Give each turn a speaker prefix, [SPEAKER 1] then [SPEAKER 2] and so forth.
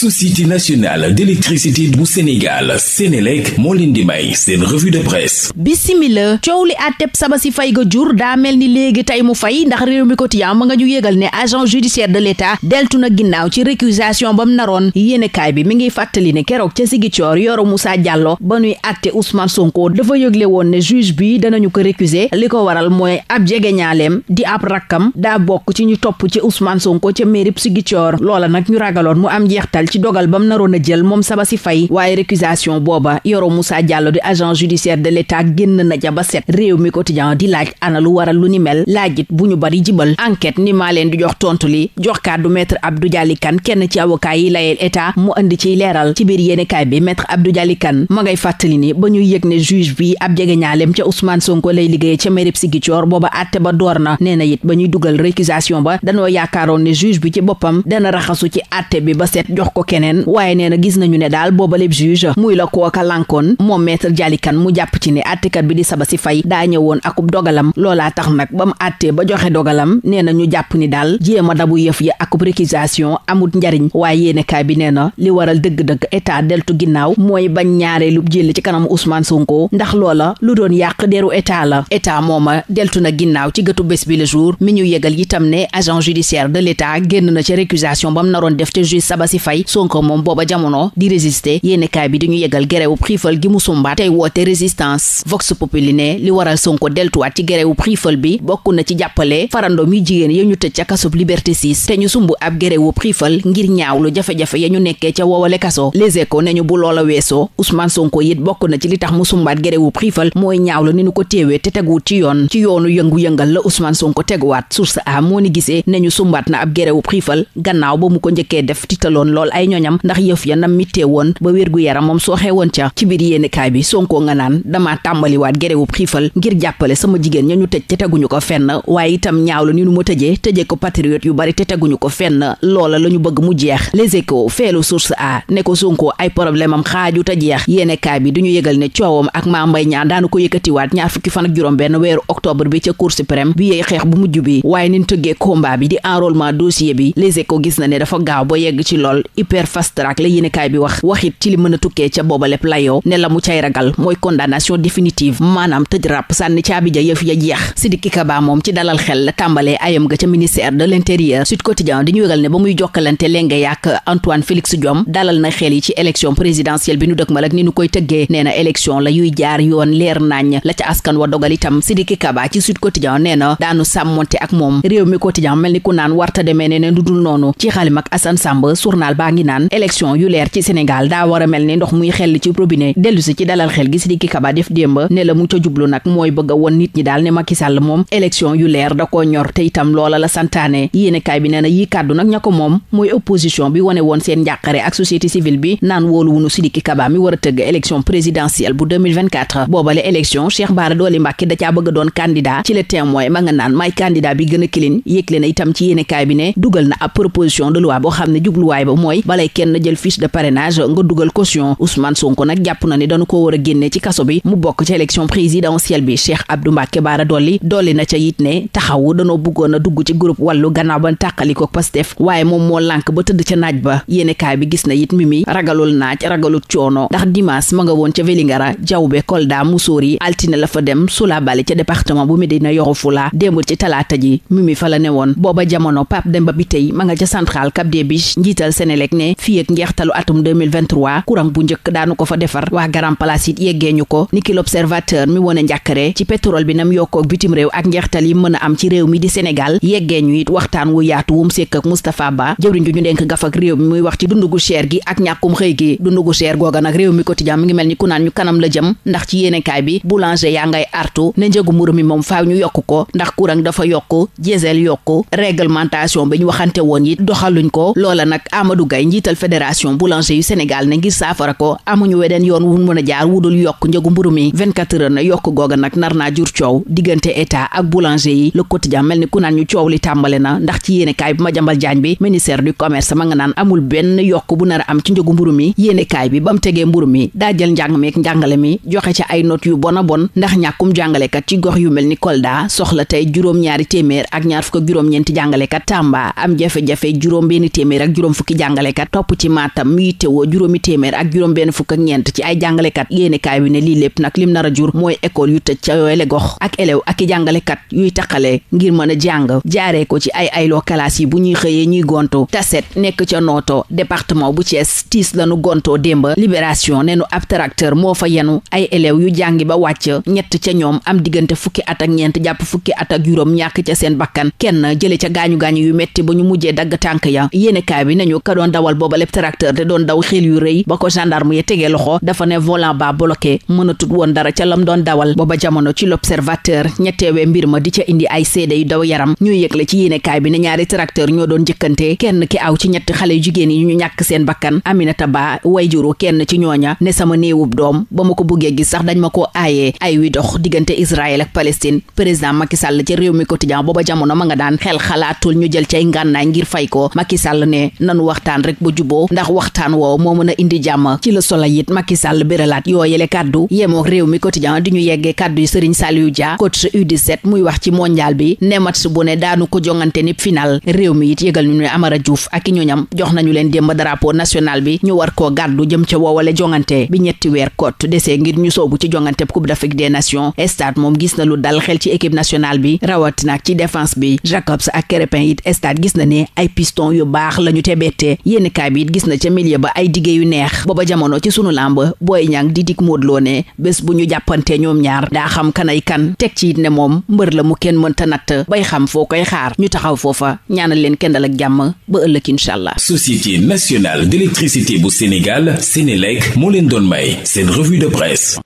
[SPEAKER 1] société nationale d'électricité bu Sénégal Sénélec moo leen di may seen revue de presse bisimila coow li àtteb Sabassy jur daa mel ni léegi tey mu fay ndax réew mi quotidien ma nga ñu yégal ne agent judiciaire de l'État deltu na ginnaaw ci ba mu naroon yéenekaay bi mi ngi fàttali ne keroog ca Ziguinchor Yoro Moussa Diallo ba ñuy àtte Ousmane Sonko dafa yëgle woon ne juge bi dana ñu ko récuser li ko waral mooy ab jegeñaaleem di ab rakkam daa bokk ci ñu topp ci Ousmane Sonko ca mairie Ziguinchor loola nag ñu ragaloon mu ci dogal bam naroon a jël moom si fay waaye récusation booba Yoro Moussa Diallo di agent judiciaire de l'État génn na ja ba set réew mi quotidien di laaj ana lu waral lu ni mel laajit bu ñu bari jibal enquête ni maa leen di jox tontu li jox kàddu maître Abdou Dialy Kane kenn ci avocat yi layeel état mu andi ci leeral ci biir yéenekaay bi maître Abdou du Kane ma ngay fàttali ni ba ñuy yëg ne juge bi ab jege ñaalem ca Ousmane Sonko lay liggéey ca mairie Ziguinchor booba àtte ba door na nee na it ba ñuy dugal récusation ba danoo yaakaaroon ne juge bi ci boppam dana raxasu ci àtte bi ba set jox ko keneen waaye nee na gis nañu ne daal boobaleb juge muy la koo lankoon moom maître Dialikane mu jàpp ci ne àttekat bi di saba si fay daa ñëwoon akub dogalam loolaa tax nag ba mu àttee ba joxe dogalam nee na ñu jàpp ni daal jéem a dabu yëf yi akub récusation amut njariñ waaye yéenekaay bi nee na li waral dëgg-dëgg état deltu ginnaaw mooy bañ ñaaree lu jël ci kanam Ousmane Sonko ndax loola lu doon yàq deru état la état mooma deltu na ginnaaw ci gëtu bés bi le jour mi ñu yegal itam ne agent judiciaire de l'état génn na ci récusation ba mu naroon def te juge Sabassy Faye Sonko moom booba jamono di résister yéenekaay bi dañu yegal gerewu xiifal gi mu sumba tey woote résistance Vox Populi ne li waral Sonko deltuwaat ci gerewu xiifal bi bokk na ci jàppale farandoom yu jigéen ya ñu tëj ca kasub Liberté 6 te ñu sumb ab gerewu xiifal ngir ñaawlu jafe-jafe ya ñu nekkee ca woowale kaso Les Échos ñu bu loola weesoo Ousmane Sonko yit bokk na ci li tax mu sumbaat gerewu xiifal mooy ñaawlu ni ñu ko téewee te teguwut ci yoon ci yoonu yëngu-yëngal la Ousmane Sonko teguwaat source a moo ni gisee ne ñu sumbaat na ab gerewu xiifal gannaaw ba mu ko njëkkee def titaloon lool ay ñoñam ndax yëf ya nam mittee woon ba wérgu yaram moom sooxee woon ca ci biir yéenekaay bi Sonko nga naan dama tàmbaliwaat gerewub xiifal ngir jàppale sama jigéen ña ñu tëj te teguñu ko fenn waaye itam ñaawlu ni nu ma tëjee tëjee ko patriote yu bari te teguñu ko fenn loola la ñu bëgg mu jeex Les ko feelu source a ne ko Sonko ay problème am xaaju te jeex yéenekaay bi duñu yëgal ne coowam ak Mame Mbaye Niang daanu ko yëkkatiwaat ñaar fukki fan ak juróom benn weeru octobre bi ca Cour suprême bi yey xeex bi waaye nin tëggee combat bi di enrôlement dossier bi Les Échos gis na ne dafa gaaw ba yegg ci lool hyper fast track la yéenekaay bi wax waxit ci li mën a tukkee ca booba lépp layoo mu cay ragal mooy condamnation définitive maanaam tëj ràpp sànni caabi ja yëf ya jeex Sidiki Kaba moom ci dalal xel la tàmbalee ayam ga ca ministère de l'intérieur Sud Quotidien di ñu yëgal ne ba muy jokkalante lenge yàq Antoine Félix Diome dalal na xel yi ci élection présidentielle bi nu dëkkmal ak ni nu koy tëggee nee na la yuy jaar yoon leer ngi naan élection yu leer ci Sénégal daa war mel ni ndox muy xel ci robinet dellu ci dalal xel gi Sidiki Kaba def démb ne mu ca jublu nag mooy bëgg da koo mooy opposition bi wane woon seen njàqare ak société civile bi naan wóolu wunu Sidiki Kaba mi war a tëgg élection présidentielle bu boobale élection Cheikh Bara Dolly Mbacké da caa bëgg doon candidat ci le témoin ma nga naan may candidat bi gën a kilin yégle na itam ci yéenekaay bi dugal na mooy balay kenn jël fiche de parrainage nga dugal caution Ousmane Sonko nag jàpp na ni dañu ko war a génne ci kaso bi mu bokk ci élection présidentielle bi Cheikh Abdou Mbacké Bara Dolly dolli na ca it ne taxawu danoo bëggoon a dugg ci groupe wàllu gannaaw ban tàqaliko Pastef waaye moom moo lànk ba tëdd ca naaj ba yéene kaay bi gis na it Mimi ragalul naaj ragalul coono ndax dimanche ma nga woon ca Vélingara Diaoubé Kolda Moussori altine la fa dem Soula Bali ca ji Mimi fa la ne woon booba jamono Pape Demba Bitèye ma nga ca teg ne fii ak njeextalu atum 2023 courant bu njëkk daanu ko fa defar waa grand place it yeggee ko ni ki l'observateur mi wone njàkkare ci pétrole bi nam yokkook bitim réew ak njeextal yi mën a am ci réew mi di Sénégal yeggee ñu it waxtaan wu yaatu wum sekk ak Moustapha Ba jëwriñ ju ñu denk gaf ak réew mi muy wax ci dundugu cher gi ak ñàkkum xëy gi dundugu cher googa nag réew mi quotidien mi ngi mel ni ku naan ñu kanam la jëm ndax ci yéenekaay bi boulanger yaa ngay artu ne mi moom faaw ñu yokk ko ndax courant dafa yokk diesel yokk réglementation bi ñu waxante woon it doxaluñ ko loola nag Amadou Gaye Ndiaye njiital fédération boulanger yu Sénégal ne ngir saafara ko amuñu yoon wu mën a jaar wudul yokk njëgu mburu mi 24 heures na yokk googa nag nar naa jur coow diggante état ak boulanger yi le quotidien mel ni ku naan ñu coow li tàmbale na ndax ci yéenekaay bi ma jambal jaañ bi ministère du commerce ma nga naan amul benn yokk bu nar am ci njëgu mburu mi yéenekaay bi ba mu tegee mburu mi daajal jël njàng meek njàngale mi joxe ca ay not yu bon a bon ndax ñàkkum jàngalekat ci gox yu mel ni Kolda soxla tey juróom-ñaari téeméer ak ñaar fukk juróom-ñeenti kat Tamba am jafe-jafe juróom benn téeméer ak juróom fukki jàngale jàngalekat topp ci Matam mu yittewoo juróomi téeméer ak juróom benn fukk ak ñeent ci ay jàngalekat yéenekaay bi ne lii lépp nag a jur mooy école yu tëj ca yooyele gox ak élève ak i jàngalekat yuy ngir mën a jàng jaaree ko ci ay ayloo kalaas yi bu ñuy xëyee ñuy gonto taset nekk ca nooto département bu Thiès tiis lanu gontoo démba libération nenu ab tracteur moo fa yenu ay élève yu jàngi ba wàcc ñett ca ñoom am diggante fukki at ak ñeent jàpp fukki at ak juróom ñàkk seen bakkan kenn jële ca gaañu-gaañu yu metti ba ñu mujjee dagg tànk ya yéenekaay bi nañu ka doon dawal booba lépp tracteur te doon daw xel yu rëy ba ko gendarme ya tegee loxo dafa ne volant ba bloqué mënatut woon dara ca lam doon dawal booba jamono ci l'observateur ñetteewee mbir ma di ca indi ay seede yu daw yaram ñuy yëgle ci yéenekaay bi ne ñaari tracteur ñoo doon njëkkante kenn ki aw ci ñetti xale yu jigéen yi ñu ñàkk seen bakkan Aminata Ba wayjuru kenn ci ñooña ne sama néewub doom ba ma ko bëggee gis sax dañ ma ko aayee ay wi dox diggante Israël ak Palestine président Macky Sall ci réew mi quotidien booba jamono ma nga daan xel xalaatul ñu jël cay ngànnaay ngir fay ko Macky Sall ne rek ba juboo ndax waxtaan woow moo mën a indi jàmm ci le soleil it Macky Sall béralaat yooyele kàddu yemoo réew mi quotidien di ñu yeggee kàddu yi Serigne Saliou Dia coach U17 muy wax ci mondial bi ne match bu ne daanu ko jongante ni final réew mi it yëgal ñu Amara Diouf ak i ñoñam jox nañu leen démb drapeau national bi ñu war koo gàddu jëm ca woowale jongante bi ñetti weer kot desee ngir ñu soobu ci jongante coupe d'Afrique des nations stade moom yéenekaay bi gis na ca milieu ba ay dige yu neex booba jamono ci sunu làmb booy ñang di dik Modou Lo ne bés bu ñu jàppante ñoom ñaar daa xam kanay kan teg ci it ne moom mbër la mu kenn mënta natt bay xam foo koy xaar ñu taxaw foofa ñaanal leen kendal ak jàmm ba ëllëg incha allah. Société nationale d'électricité bu Sénégal Sénélec moo leen doon may seen revue de presse.